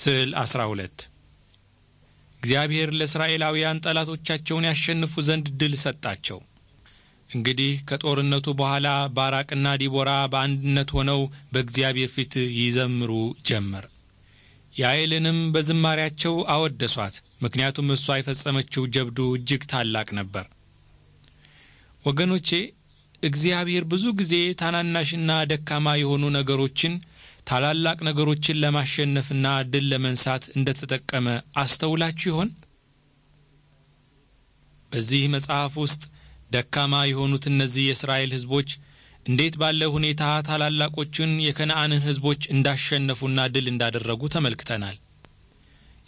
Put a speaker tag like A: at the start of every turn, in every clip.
A: ስዕል 12 እግዚአብሔር ለእስራኤላውያን ጠላቶቻቸውን ያሸንፉ ዘንድ ድል ሰጣቸው። እንግዲህ ከጦርነቱ በኋላ ባራቅና ዲቦራ በአንድነት ሆነው በእግዚአብሔር ፊት ይዘምሩ ጀመር። የአይልንም በዝማሪያቸው አወደሷት፣ ምክንያቱም እሷ የፈጸመችው ጀብዱ እጅግ ታላቅ ነበር። ወገኖቼ እግዚአብሔር ብዙ ጊዜ ታናናሽና ደካማ የሆኑ ነገሮችን ታላላቅ ነገሮችን ለማሸነፍና ድል ለመንሳት እንደተጠቀመ አስተውላችሁ ይሆን? በዚህ መጽሐፍ ውስጥ ደካማ የሆኑት እነዚህ የእስራኤል ሕዝቦች እንዴት ባለ ሁኔታ ታላላቆቹን የከነአንን ሕዝቦች እንዳሸነፉና ድል እንዳደረጉ ተመልክተናል።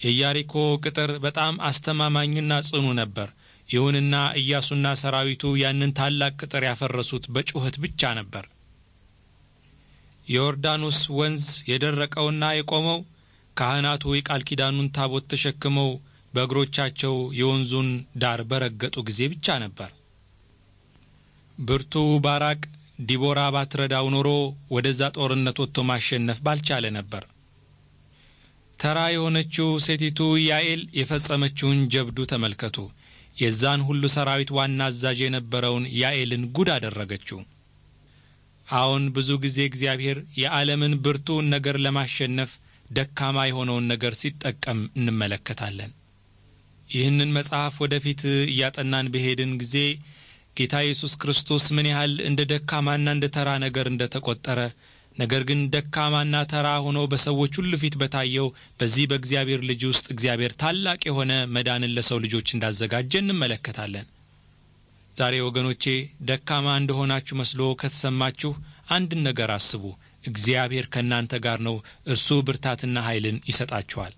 A: የኢያሪኮ ቅጥር በጣም አስተማማኝና ጽኑ ነበር። ይሁንና ኢያሱና ሰራዊቱ ያንን ታላቅ ቅጥር ያፈረሱት በጩኸት ብቻ ነበር። የዮርዳኖስ ወንዝ የደረቀውና የቆመው ካህናቱ የቃል ኪዳኑን ታቦት ተሸክመው በእግሮቻቸው የወንዙን ዳር በረገጡ ጊዜ ብቻ ነበር። ብርቱ ባራቅ ዲቦራ ባትረዳው ኖሮ ወደዛ ጦርነት ወጥቶ ማሸነፍ ባልቻለ ነበር። ተራ የሆነችው ሴቲቱ ያኤል የፈጸመችውን ጀብዱ ተመልከቱ። የዛን ሁሉ ሰራዊት ዋና አዛዥ የነበረውን ያኤልን ጉድ አደረገችው። አሁን ብዙ ጊዜ እግዚአብሔር የዓለምን ብርቱውን ነገር ለማሸነፍ ደካማ የሆነውን ነገር ሲጠቀም እንመለከታለን። ይህንን መጽሐፍ ወደፊት እያጠናን በሄድን ጊዜ ጌታ ኢየሱስ ክርስቶስ ምን ያህል እንደ ደካማና እንደ ተራ ነገር እንደ ተቈጠረ፣ ነገር ግን ደካማና ተራ ሆኖ በሰዎች ሁሉ ፊት በታየው በዚህ በእግዚአብሔር ልጅ ውስጥ እግዚአብሔር ታላቅ የሆነ መዳንን ለሰው ልጆች እንዳዘጋጀ እንመለከታለን። ዛሬ ወገኖቼ ደካማ እንደሆናችሁ መስሎ ከተሰማችሁ አንድን ነገር አስቡ። እግዚአብሔር ከእናንተ ጋር ነው። እርሱ ብርታትና ኃይልን ይሰጣችኋል።